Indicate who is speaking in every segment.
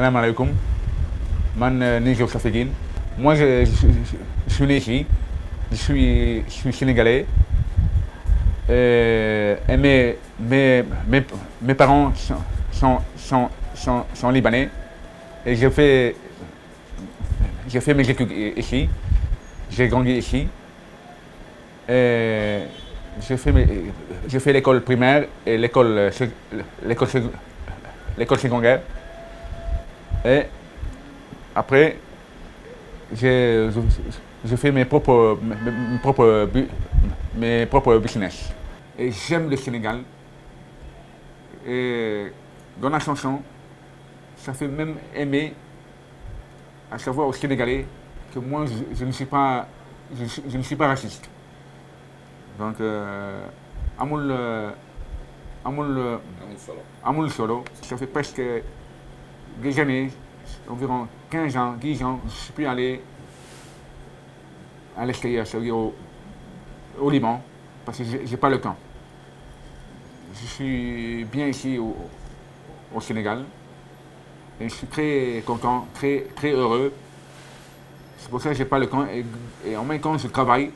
Speaker 1: Salam Man euh, Moi, je, suis né ici. Je suis, sénégalais. Euh, et mes, parents sont, libanais. Et j'ai fait, fait mes études ici. J'ai grandi ici. j'ai fait, l'école primaire et l'école secondaire. Et après, je, je, fais mes propres, mes propres business. Et j'aime le Sénégal. Et dans la chanson, ça fait même aimer à savoir aux Sénégalais que moi, je, ne, suis pas, je, ne suis pas raciste. Donc, euh, Amoul euh, Solo, ça fait presque des années, environ 15 ans, 10 ans, je ne suis plus allé à l'extérieur, dire au, Liban, parce que je n'ai pas le temps. Je suis bien ici au, Sénégal et je suis très content, très, très heureux. C'est pour ça que je n'ai pas le temps et, en même temps je travaille,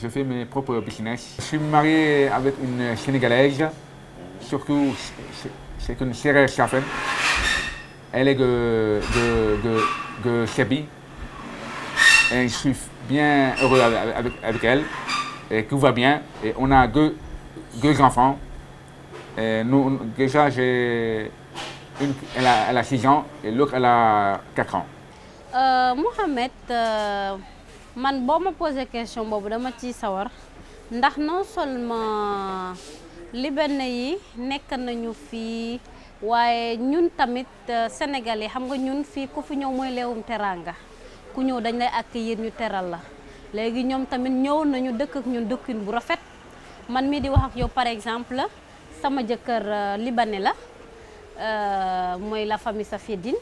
Speaker 1: je fais mes propres business. Je suis marié avec une Sénégalaise, surtout c'est une serrère Chaffen elle est de, de, Et je suis bien heureux avec, avec, elle. Et tout va bien. Et on a deux, deux enfants. Et nous, déjà, j'ai une, elle, a, 6 ans et l'autre, elle a 4 ans.
Speaker 2: Euh, Mohamed, euh, me pose la question, je me savoir. non seulement les Libanais, nous sommes waye ñun tamit euh, sénégalais xam nga ñun fi ku fi ñëw moy lewum teranga ku ñëw dañ lay accueillir ñu teral la légui ñom tamit ñëw nañu dëkk ak ñun dëkkin bu rafet man mi di wax ak yow par exemple sama jëkkër euh, libané la euh, moy la famille Safieddine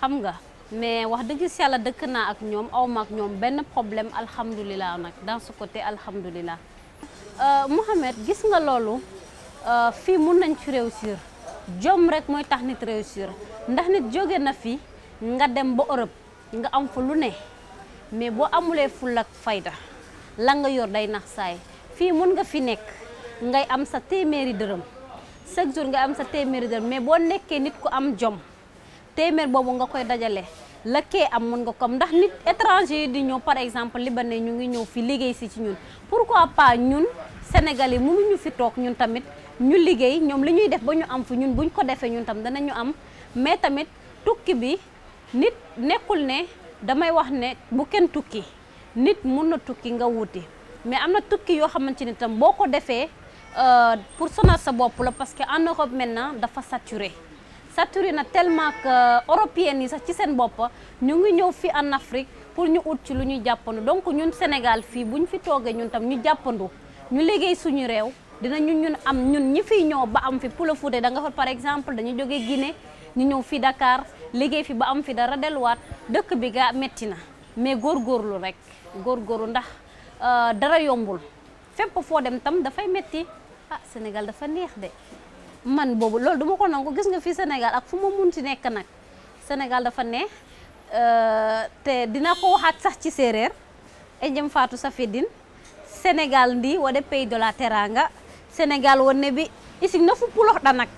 Speaker 2: xam nga mais wax dëgg ci yalla dëkk na ak ñoom awma ak ñom ben problème alhamdoulillah nak dans ce côté euh mohammed gis nga euh fi mun nañ ci réussir jom rek mooy tax nit réussir ndax nit jóge na fi nga dem ba Europe nga am fa lu ne mais boo amulee fu ak fayda la nga yor day nax saay fii mun nga fi nekk ngay am sa téeméeri dërëm chaque jour nga am sa téeméeri dërëm mais boo nekkee nit ku am jom téeméer boobu nga koy dajale la kee am mun nga ko am ndax nit étranger yi di ñëw par exemple libanais ñu ngi ñëw fi liggéey si ci ñun pourquoi pas ñun sénégal sénégalais ñu fi toog ñun tamit ñu liggéey ñoom li ñuy def ba ñu am fu ñun buñ ko defee ñun tam danañu am mais tamit tukki bi nit nekkul ne damay wax ne bu kenn tukki nit mun na tukki nga wuti mais am na tukki yoo xamante ni tam boo ko defee euh, pour sonal sa bopp la parce que en Europe maintenant dafa saturé saturé na tellement que européennes yi sax ci seen bopp ñu ngi ñëw fii en Afrique pour ñu ut ci lu ñuy jàppandu donc ñun Sénégal fii bu ñu fi toogee ñun tam ñu jàppandu ñu liggéey suñu réew dina ñun am ñun ñi fi ñoo ba am fi Pula foudé da nga xol par exemple dañu joggé guiné ñu ñëw fi Dakar liggé fi ba am fi dara wat dëkk bi gaa metti na mais lu rek góorgóorlu ndax euh, dara yombul fépp fo dem tam fay metti ah Sénégal fa neex dé man bobu lool duma ko nangu gis nga fi Sénégal ak fu munti nekk nak. Sénégal fa neex euh, te dina ko waxat sax ci sérère e jëm fatou sa Sénégal ndi wade pays de la teranga sénégal wonne ɓe isi nafu pulohɗa nak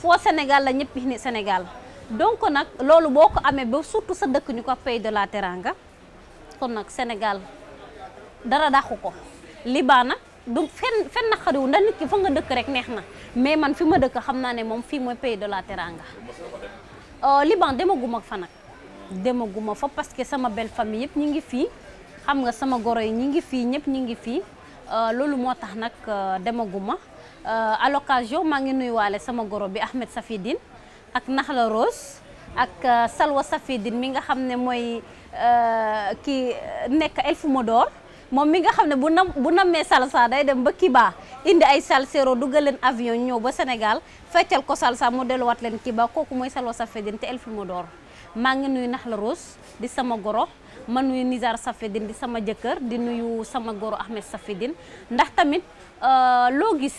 Speaker 2: fo sénégal la ñeppi ni sénégal donc nag loolu boo ko amee ba surtout sa dëkk ñu ko pays de la Teranga kon nag Sénégal dara dàqu ko li baax na du fenn fenn naqariwu ndax ki fa dëkk rek neex na mais man fi ma dëkk xam naa ne moom fii mooy pays de la Teranga euh, Liban demaguma fa nag demaguma fa parce que sama belle famille yëpp ñi ngi fii xam nga sama goro yi ñi ngi fii ñëpp ñi ngi fii Euh, loolu moo tax nag euh, demaguma euh, à l'occasion maa ngi waale sama goro bi Ahmed Safidine ak nax la Rose ak Salwa Safidine mi nga xam ne mooy kii nekk Elfu Modor moom mi nga xam ne bu nam bu nammee salsa day dem ba Kiba indi ay salsero dugal leen avion ñëw ba Sénégal feccal ko salsa mu delluwaat leen Kiba kooku mooy Salwa Safidine te Elfu Modor maa ngi nuyu la Rose di sama goro ma nuyu Nizar Safedine di sama jëkkër di nuyu sama goro Ahmed Safedine ndax tamit euh, loo gis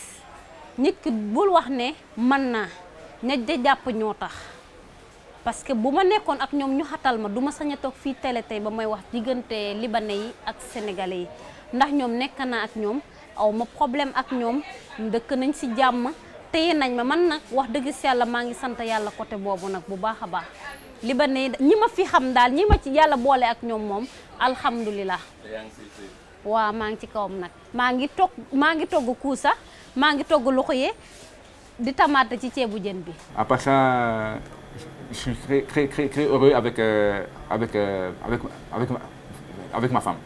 Speaker 2: nit ki bul wax ne mën naa ña da jàpp ñoo tax parce que bu ma nekkoon ak ñoom ñu xatal ma du ma sañ fii télé tey ba may wax diggante libanais yi ak sénégalais yi ndax ñoom nekk naa ak ñoom aw ma problème ak ñoom dëkk nañ si jàmm téye nañ ma man na wax dëgg si yàlla maa ngi sant yàlla côté boobu nag bu baax a baax li ba ma fi xam dal ñi ma ci yalla bolé ak ñom mom alhamdulilah. wa ma ngi ci kawam nak ma ngi togg ma ngi togg kousa ma ngi togg luxuyé di tamaate ci ciébu jën bi.
Speaker 1: à ça je suis très très très, très heureux avec euh, avec euh, avec avec ma, avec ma femme.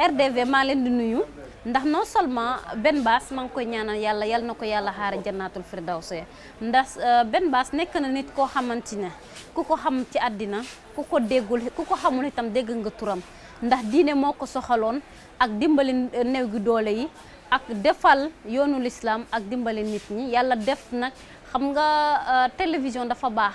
Speaker 2: Euh, RDV ma leen di nuyu. ndax non seulement benn baas maa ngi koy ñaanal yàlla yal na ko yàlla xaare jannatul firdawsi ndax euh, benn baas nekk na nit koo xamante ne ku ko xam ci àddina ku ko déggul ku ko xamul itam dégg nga turam ndax diine moo ko soxaloon ak dimbali euh, néew gi doole yi ak defal yoonu lislaam ak dimbali nit ñi yàlla def nag xam nga euh, télévision dafa baax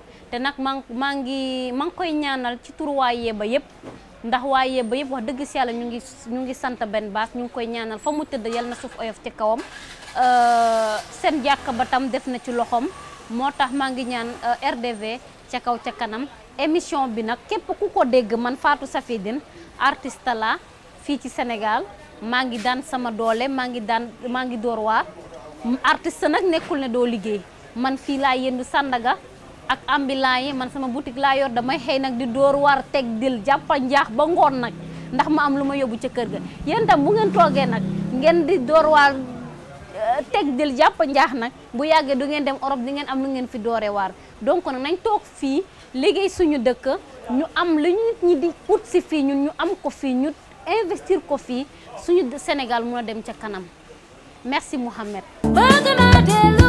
Speaker 2: te nag maa maa ngi maa ngi koy ñaanal ci turu waa Yéba yëpp ndax waa Yéba yëpp wax dëgg si yàlla ñu ngi ñu ngi sant benn baas ñu ngi koy ñaanal fa mu tëdd yal na suuf oyof ci kawam euh, seen jàkka ba tam def na ci loxoom moo tax maa ngi ñaan euh, RDV ca kaw ca kanam émission bi nag képp ku ko dégg man faatu Safidine artiste la fii ci senegal maa ngi daan sama doole maa ngi daan maa ngi door waa artiste nag nekkul ne doo liggéey man fii laa yendu Sandaga ak ambilay man sama butik layor, yor damay xey nak di dóor war tek dil jappal njaax ba ngor nak ndax ma am luma ma ci keur ga yeen tam bu ngeen toge nak ngeen di dóor war euh, tek dil jàppa njaax nak bu yagge du ngeen dem Europe di ngeen am lu ngeen fi doore war donc nak nañ tok fi liggey suñu dekk ñu am lu nit ñi di out si fi ñun ñu am ko fi ñu investir ko fi suñu senegal mun dem ci kanam merci Muhammad.